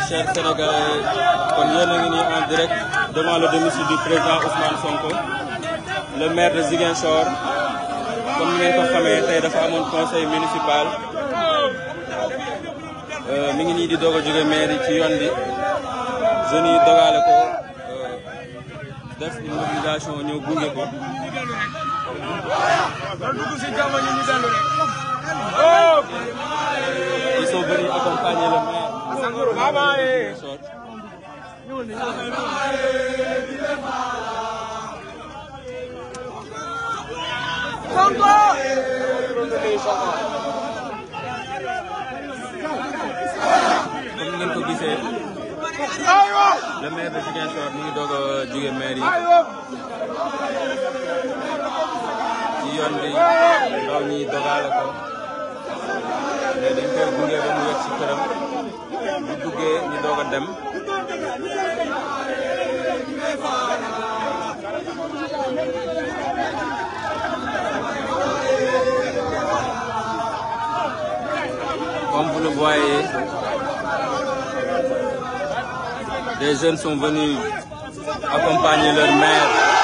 chers Sénégalais kon yéen a ngi nii en direct devant le domicile du président Ousmane Sonko le maire de Ziguinchor comme ni amoon conseil euh, mi ngi nii di doog a jóge maire ci yoon bi jeunes yi dogaale ko euh, def une ñëw gunge ko. comme ngeen ko gisee le maire de Ziguinchor mu ngi doog a jóge maire yi ci yoon bi ndaw ñi dogaale ko mais dañ koy gunge ba mu yegg si këram bu duggee ñu doog a dem. Comme vous le voyez, des jeunes sont venus accompagner leur mère.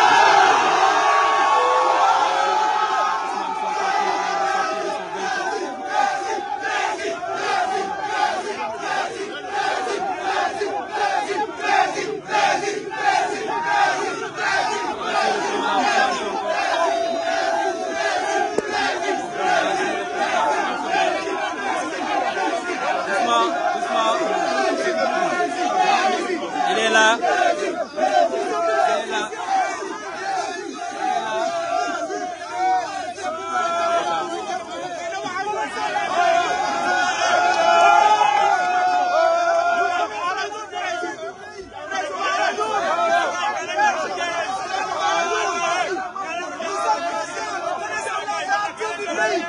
oui,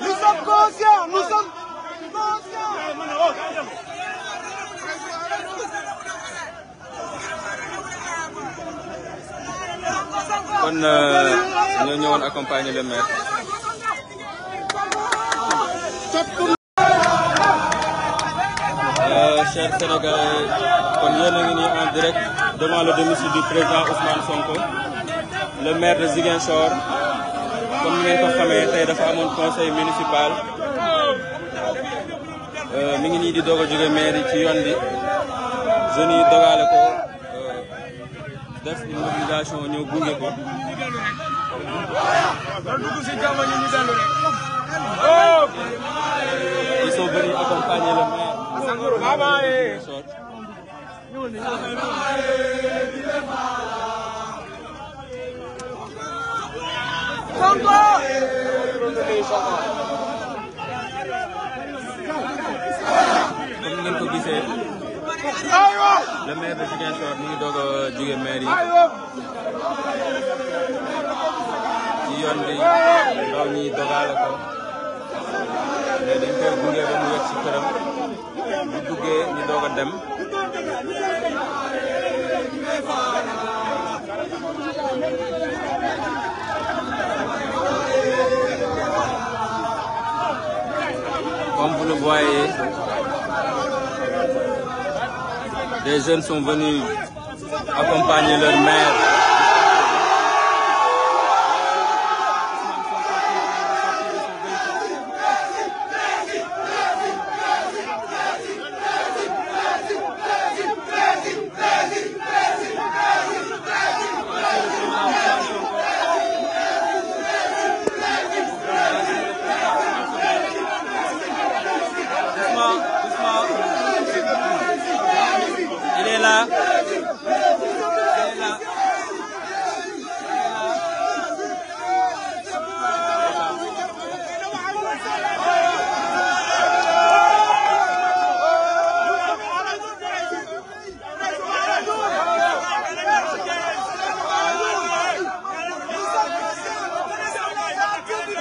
nous sommes conscients, nous sommes euh, le maire. Euh, chers Sénégalais kon yéen a ngi nii en direct devant le domicile du président Ousmane Sonko le maire de Ziguinchor. comme ni ngeen ko xamee tey dafa amoon conseil municipal euh, mi ngi nii di doog a jóge mairie ci yoon bi jeunes yi dogaale ko euh, def une ñëw gunge ko. comme ngeen ko gisee le maire de Ziguinchor mu ngi doog a jóge maire yi ci yoon bi ndaw ñi dogaale ko mais dañ koy gunge ba mu yegg bu duggee ñu doog a dem. Comme vous le voyez, des jeunes sont venus accompagner leur mère.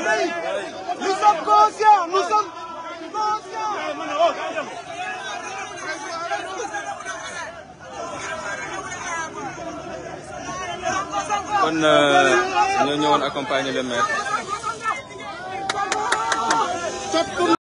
pays. Nous sommes conscients, nous sommes conscients. kon euh, ñoo ñëwoon accompagner le